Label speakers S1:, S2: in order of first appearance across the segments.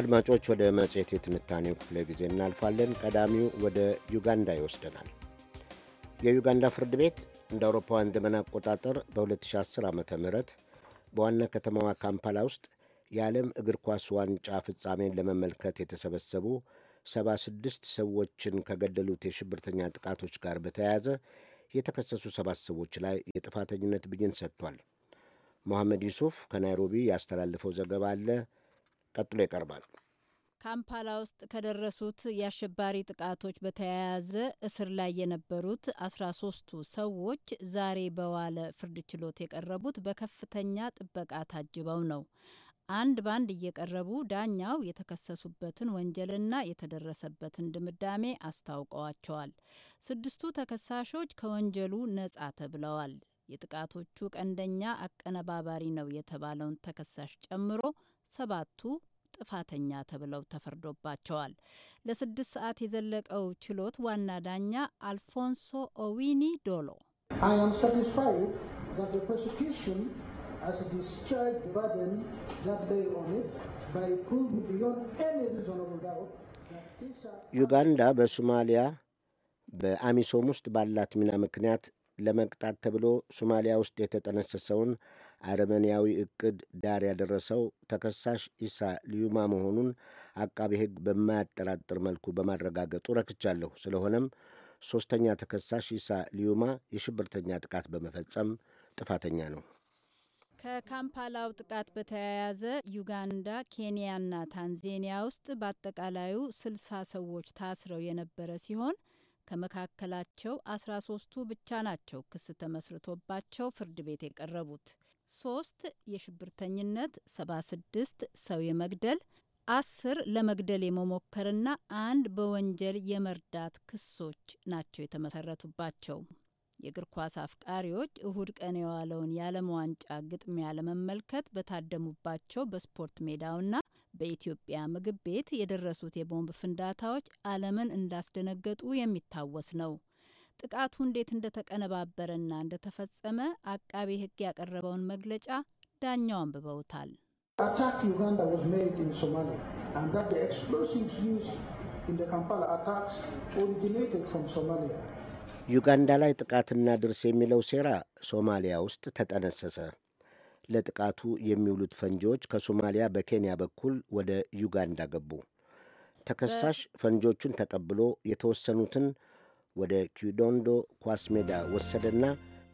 S1: አድማጮች፣ ወደ መጽሔት የትንታኔው ክፍለ ጊዜ እናልፋለን። ቀዳሚው ወደ ዩጋንዳ ይወስደናል። የዩጋንዳ ፍርድ ቤት እንደ አውሮፓውያን ዘመን አቆጣጠር በ2010 ዓ ም በዋና ከተማዋ ካምፓላ ውስጥ የዓለም እግር ኳስ ዋንጫ ፍጻሜን ለመመልከት የተሰበሰቡ 76 ሰዎችን ከገደሉት የሽብርተኛ ጥቃቶች ጋር በተያያዘ የተከሰሱ ሰባት ሰዎች ላይ የጥፋተኝነት ብይን ሰጥቷል። መሐመድ ዩሱፍ ከናይሮቢ ያስተላለፈው ዘገባ አለ። ቀጥሎ ይቀርባል።
S2: ካምፓላ ውስጥ ከደረሱት የአሸባሪ ጥቃቶች በተያያዘ እስር ላይ የነበሩት አስራ ሶስቱ ሰዎች ዛሬ በዋለ ፍርድ ችሎት የቀረቡት በከፍተኛ ጥበቃ ታጅበው ነው። አንድ ባንድ እየቀረቡ ዳኛው የተከሰሱበትን ወንጀልና የተደረሰበትን ድምዳሜ አስታውቀዋቸዋል። ስድስቱ ተከሳሾች ከወንጀሉ ነጻ ተብለዋል። የጥቃቶቹ ቀንደኛ አቀነባባሪ ነው የተባለውን ተከሳሽ ጨምሮ ሰባቱ ጥፋተኛ ተብለው ተፈርዶባቸዋል። ለስድስት ሰዓት የዘለቀው ችሎት ዋና ዳኛ አልፎንሶ ኦዊኒ ዶሎ
S1: ዩጋንዳ በሶማሊያ በአሚሶም ውስጥ ባላት ሚና ምክንያት ለመቅጣት ተብሎ ሶማሊያ ውስጥ የተጠነሰሰውን አረመኔያዊ እቅድ ዳር ያደረሰው ተከሳሽ ኢሳ ልዩማ መሆኑን አቃቤ ሕግ በማያጠራጥር መልኩ በማረጋገጡ ረክቻለሁ። ስለሆነም ሦስተኛ ተከሳሽ ኢሳ ልዩማ የሽብርተኛ ጥቃት በመፈጸም ጥፋተኛ ነው።
S2: ከካምፓላው ጥቃት በተያያዘ ዩጋንዳ፣ ኬንያና ታንዜኒያ ውስጥ በአጠቃላዩ ስልሳ ሰዎች ታስረው የነበረ ሲሆን ከመካከላቸው አስራ ሶስቱ ብቻ ናቸው ክስ ተመስርቶባቸው ፍርድ ቤት የቀረቡት። ሶስት የሽብርተኝነት፣ ስድስት ሰው የመግደል፣ አስር ለመግደል የመሞከርና አንድ በወንጀል የመርዳት ክሶች ናቸው የተመሰረቱባቸው። የእግር ኳስ አፍቃሪዎች እሁድ ቀን የዋለውን የዓለም ዋንጫ ግጥሚያ ለመመልከት በታደሙባቸው በስፖርት ሜዳውና በኢትዮጵያ ምግብ ቤት የደረሱት የቦምብ ፍንዳታዎች ዓለምን እንዳስደነገጡ የሚታወስ ነው። ጥቃቱ እንዴት እንደተቀነባበረና እንደተፈጸመ አቃቤ ሕግ ያቀረበውን መግለጫ ዳኛው አንብበውታል።
S1: ዩጋንዳ ላይ ጥቃትና ድርስ የሚለው ሴራ ሶማሊያ ውስጥ ተጠነሰሰ። ለጥቃቱ የሚውሉት ፈንጂዎች ከሶማሊያ በኬንያ በኩል ወደ ዩጋንዳ ገቡ። ተከሳሽ ፈንጂዎቹን ተቀብሎ የተወሰኑትን ወደ ኪዶንዶ ኳስ ሜዳ ወሰደና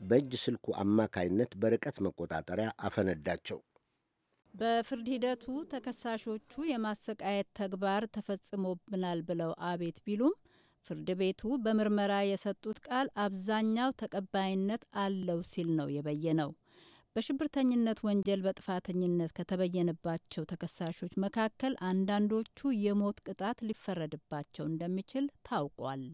S1: በእጅ ስልኩ አማካይነት በርቀት መቆጣጠሪያ አፈነዳቸው።
S2: በፍርድ ሂደቱ ተከሳሾቹ የማሰቃየት ተግባር ተፈጽሞብናል ብለው አቤት ቢሉም ፍርድ ቤቱ በምርመራ የሰጡት ቃል አብዛኛው ተቀባይነት አለው ሲል ነው የበየነው። በሽብርተኝነት ወንጀል በጥፋተኝነት ከተበየነባቸው ተከሳሾች መካከል አንዳንዶቹ የሞት ቅጣት ሊፈረድባቸው እንደሚችል ታውቋል።